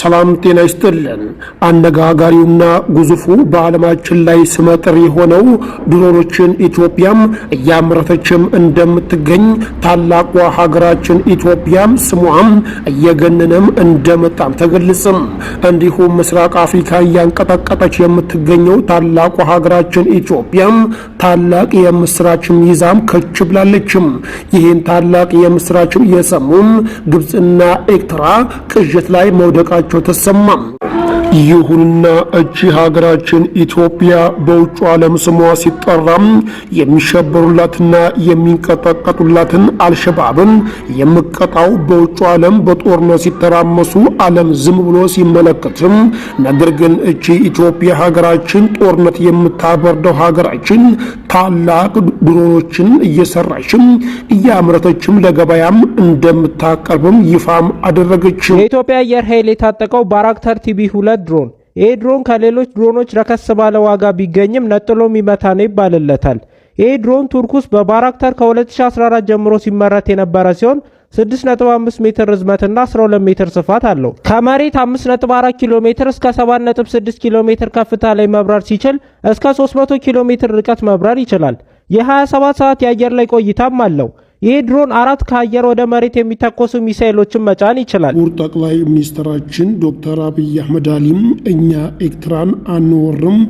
ሰላም ጤና ይስጥልን። አነጋጋሪውና ግዙፉ በዓለማችን ላይ ስመጥር የሆነው ድሮኖችን ኢትዮጵያም እያመረተችም እንደምትገኝ ታላቋ ሀገራችን ኢትዮጵያም ስሟም እየገነነም እንደመጣም ተገልጽም። እንዲሁም ምስራቅ አፍሪካ እያንቀጠቀጠች የምትገኘው ታላቋ ሀገራችን ኢትዮጵያም ታላቅ የምስራችም ይዛም ከች ብላለችም። ይህን ታላቅ የምስራችም እየሰሙም ግብፅና ኤርትራ ቅዥት ላይ መውደቃቸው መሆናቸው ተሰማም። ይሁንና እቺ ሀገራችን ኢትዮጵያ በውጭ ዓለም ስሟ ሲጠራም የሚሸበሩላትና የሚንቀጠቀጡላትን አልሸባብን የምቀጣው በውጭ ዓለም በጦርነት ሲተራመሱ ዓለም ዝም ብሎ ሲመለከትም፣ ነገር ግን እቺ ኢትዮጵያ ሀገራችን ጦርነት የምታበርደው ሀገራችን ታላቅ ድሮኖችን እየሰራችም እያምረተችም ለገበያም እንደምታቀርብም ይፋም አደረገችም። የኢትዮጵያ አየር ኃይል የታጠቀው ባራክተር ቲቪ ሁለት ድሮን ይህ ድሮን ከሌሎች ድሮኖች ረከስ ባለ ዋጋ ቢገኝም ነጥሎ የሚመታ ነው ይባልለታል። ይህ ድሮን ቱርክ ውስጥ በባራክተር ከ2014 ጀምሮ ሲመረት የነበረ ሲሆን 6.5 ሜትር ርዝመትና 12 ሜትር ስፋት አለው። ከመሬት 5.4 ኪሎ ሜትር እስከ 7.6 ኪሎ ሜትር ከፍታ ላይ መብረር ሲችል እስከ 300 ኪሎ ሜትር ርቀት መብረር ይችላል። የ27 ሰዓት የአየር ላይ ቆይታም አለው። ይህ ድሮን አራት ከአየር ወደ መሬት የሚተኮሱ ሚሳይሎችን መጫን ይችላል። ክቡር ጠቅላይ ሚኒስትራችን ዶክተር አብይ አህመድ አሊም እኛ ኤርትራን አንወርም፣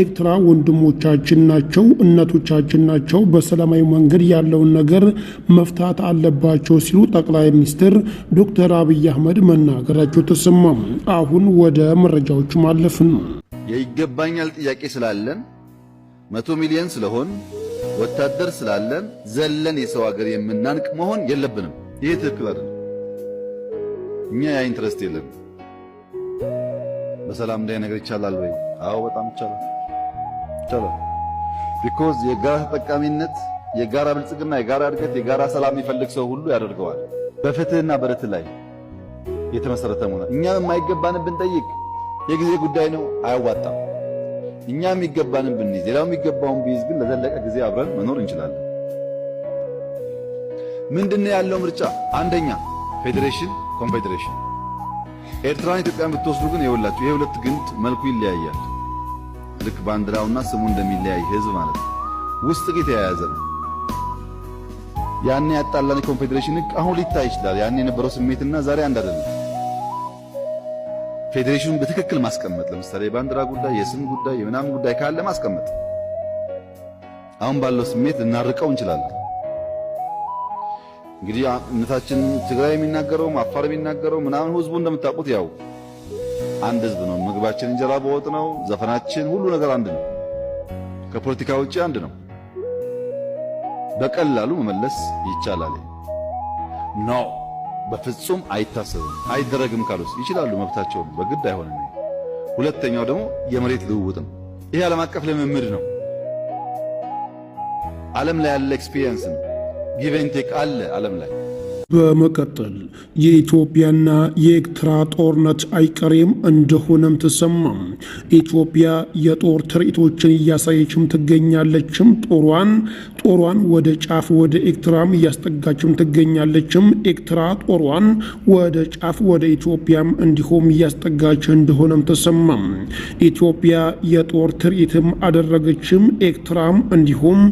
ኤርትራ ወንድሞቻችን ናቸው፣ እናቶቻችን ናቸው፣ በሰላማዊ መንገድ ያለውን ነገር መፍታት አለባቸው ሲሉ ጠቅላይ ሚኒስትር ዶክተር አብይ አህመድ መናገራቸው ተሰማም። አሁን ወደ መረጃዎች ማለፍን ነው። የይገባኛል ጥያቄ ስላለን መቶ ሚሊዮን ስለሆን ወታደር ስላለን ዘለን የሰው ሀገር የምናንቅ መሆን የለብንም። ይሄ ትክክል አይደለም። እኛ ያ ኢንትረስት የለን። በሰላም እንዳይ ነገር ይቻላል ወይ? አዎ በጣም ይቻላል፣ ይቻላል። ቢኮዝ የጋራ ተጠቃሚነት፣ የጋራ ብልጽግና፣ የጋራ እድገት፣ የጋራ ሰላም የሚፈልግ ሰው ሁሉ ያደርገዋል። በፍትህና በረት ላይ የተመሰረተ መሆናል። እኛም የማይገባንን ብንጠይቅ የጊዜ ጉዳይ ነው፣ አያዋጣም። እኛ የሚገባንን ብንይዝ ሌላው የሚገባውን ቢይዝ ግን ለዘለቀ ጊዜ አብረን መኖር እንችላለን። ምንድነው ያለው ምርጫ? አንደኛ ፌዴሬሽን፣ ኮንፌዴሬሽን። ኤርትራን ኢትዮጵያን ብትወስዱ ግን ይኸውላችሁ ይሄ ሁለት ግንድ መልኩ ይለያያል። ልክ ባንዲራውና ስሙ እንደሚለያይ ህዝብ ማለት ነው። ውስጥ ግን የተያያዘ ነው። ያኔ ያጣላን ኮንፌዴሬሽን ህግ አሁን ሊታይ ይችላል። ያኔ የነበረው ስሜትና ዛሬ አንድ አይደለም። ፌዴሬሽኑን በትክክል ማስቀመጥ፣ ለምሳሌ የባንዲራ ጉዳይ፣ የስም ጉዳይ፣ የምናምን ጉዳይ ካለ ማስቀመጥ። አሁን ባለው ስሜት ልናርቀው እንችላለን። እንግዲህ እምነታችን ትግራይ የሚናገረውም አፋር የሚናገረው ምናምን ህዝቡ እንደምታውቁት ያው አንድ ህዝብ ነው። ምግባችን እንጀራ በወጥ ነው። ዘፈናችን፣ ሁሉ ነገር አንድ ነው። ከፖለቲካ ውጪ አንድ ነው። በቀላሉ መመለስ ይቻላል። ኖ በፍጹም አይታሰብም፣ አይደረግም ካሉስ ይችላሉ፣ መብታቸው በግድ አይሆንም። ሁለተኛው ደግሞ የመሬት ልውውጥ ነው። ይሄ ዓለም አቀፍ ልምምድ ነው። ዓለም ላይ ያለ ኤክስፒሪየንስ ነው። ጊቭ ኤንድ ቴክ አለ ዓለም ላይ በመቀጠል የኢትዮጵያና የኤርትራ ጦርነት አይቀሬም እንደሆነም ተሰማም። ኢትዮጵያ የጦር ትርኢቶችን እያሳየችም ትገኛለችም። ጦሯን ጦሯን ወደ ጫፍ ወደ ኤርትራም እያስጠጋችም ትገኛለችም። ኤርትራ ጦሯን ወደ ጫፍ ወደ ኢትዮጵያም እንዲሁም እያስጠጋች እንደሆነም ተሰማም። ኢትዮጵያ የጦር ትርኢትም አደረገችም። ኤርትራም እንዲሁም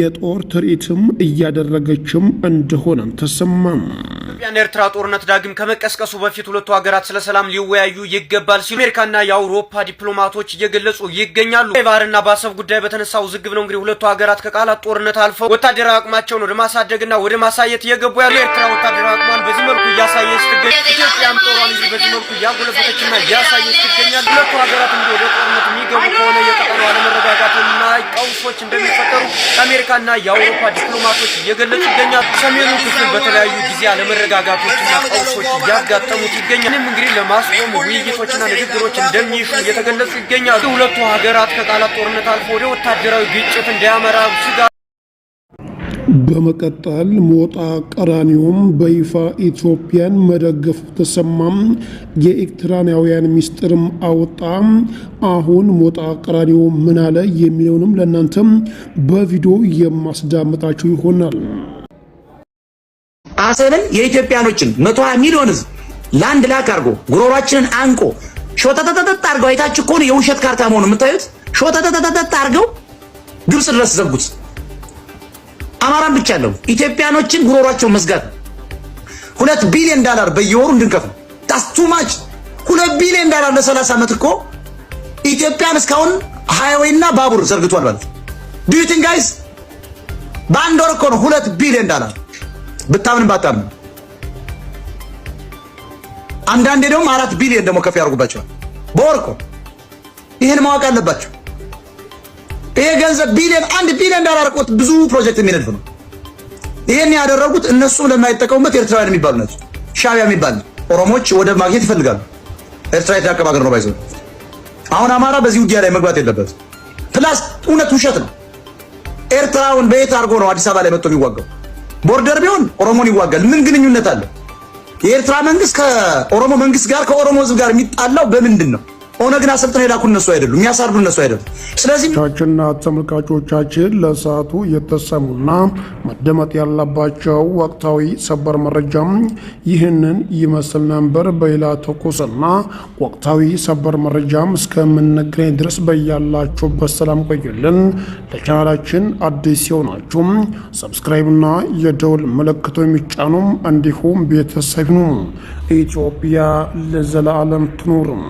የጦር ትርኢትም እያደረገችም እንደሆነም ተሰማም። ኢትዮጵያና ኤርትራ ጦርነት ዳግም ከመቀስቀሱ በፊት ሁለቱ ሀገራት ስለ ሰላም ሊወያዩ ይገባል ሲሉ አሜሪካና የአውሮፓ ዲፕሎማቶች እየገለጹ ይገኛሉ። ባህርና በአሰብ ጉዳይ በተነሳው ውዝግብ ነው እንግዲህ ሁለቱ ሀገራት ከቃላት ጦርነት አልፈው ወታደራዊ አቅማቸውን ወደ ማሳደግና ወደ ማሳየት እየገቡ ያሉ። ኤርትራ ወታደራዊ አቅሟን በዚህ መልኩ እያሳየች ስትገኝ፣ ኢትዮጵያም ጦሯን እዚህ በዚህ መልኩ እያጎለበተችና እያሳየ ስትገኛል። ሁለቱ ሀገራት እንግዲህ ወደ ጦርነት የሚገቡ ከሆነ የቀጠናው አለመረጋጋትና ቀውሶች እንደሚፈጠሩ አሜሪካና የአውሮፓ ዲፕሎማቶች እየገለጹ ይገኛሉ። ሰሜኑ ክፍል በተለያዩ ጊዜ አለመረጋጋቶችና ቀውሶች እያጋጠሙት ይገኛል። ምንም እንግዲህ ለማስቆም ውይይቶችና ንግግሮች እንደሚሹ እየተገለጹ ይገኛሉ። ሁለቱ ሀገራት ከቃላት ጦርነት አልፎ ወደ ወታደራዊ ግጭት እንዳያመራ ስጋ በመቀጠል ሞጣ ቀራኒዮም በይፋ ኢትዮጵያን መደገፉ ተሰማም። የኤርትራውያን ሚስጥርም አወጣ። አሁን ሞጣ ቀራኒዮም ምን አለ የሚለውንም ለእናንተም በቪዲዮ የማስዳምጣችሁ ይሆናል። አሰብን የኢትዮጵያኖችን መቶ ሀያ ሚሊዮን ህዝብ ለአንድ ላክ አድርጎ ጉሮሯችንን አንቆ ሾተተተተት አድርገው አይታችሁ ከሆነ የውሸት ካርታ መሆኑ የምታዩት ሾተተተተት አድርገው ግብጽ ድረስ ዘጉት። አማራን ብቻ አለው ኢትዮጵያኖችን ጉሮሯቸውን መዝጋት ሁለት ቢሊዮን ዳላር በየወሩ እንድንከፍል ማች ሁለት ቢሊዮን ዳላር ለሰላሳ ዓመት እኮ ኢትዮጵያን እስካሁን ሃይዌይና ባቡር ዘርግቷል ማለት ዱዩ ጋይስ በአንድ ወር እኮ ነው ሁለት ቢሊዮን ዳላር ብታምን ባታምን። አንዳንዴ ደግሞ አራት ቢሊዮን ደግሞ ከፍ ያደርጉባቸዋል በወር እኮ። ይህን ማወቅ አለባቸው። ይሄ ገንዘብ ቢሊዮን አንድ ቢሊዮን ዶላር እኮ ብዙ ፕሮጀክት የሚነድፍ ነው። ይሄን ያደረጉት እነሱም ለማይጠቀሙበት ኤርትራውያን የሚባሉ ናቸው። ሻቢያ የሚባል ኦሮሞዎች ወደብ ማግኘት ይፈልጋሉ። ኤርትራ የተዳከመ ሀገር ነው። ባይዘው አሁን አማራ በዚህ ውጊያ ላይ መግባት የለበት። ፕላስ እውነት ውሸት ነው። ኤርትራውን በየት አድርጎ ነው አዲስ አበባ ላይ መጥቶ የሚዋጋው? ቦርደር ቢሆን ኦሮሞን ይዋጋል። ምን ግንኙነት አለው? የኤርትራ መንግስት ከኦሮሞ መንግስት ጋር ከኦሮሞ ህዝብ ጋር የሚጣላው በምንድን ነው? ኦነግን አሰልጥነው የላኩ እነሱ አይደሉም፣ የሚያሳርዱ እነሱ አይደሉም። ስለዚህ ቻችንና ተመልካቾቻችን ለሰዓቱ የተሰሙና መደመጥ ያለባቸው ወቅታዊ ሰበር መረጃም ይህንን ይመስል ነበር። በሌላ ትኩስና ወቅታዊ ሰበር መረጃም እስከምንገናኝ ድረስ በያላችሁበት ሰላም ቆዩልን። ለቻናላችን አዲስ የሆናችሁም ሰብስክራይብና የደውል ምልክቶ የሚጫኑም እንዲሁም ቤተሰብ ኢትዮጵያ ለዘላለም ትኑርም።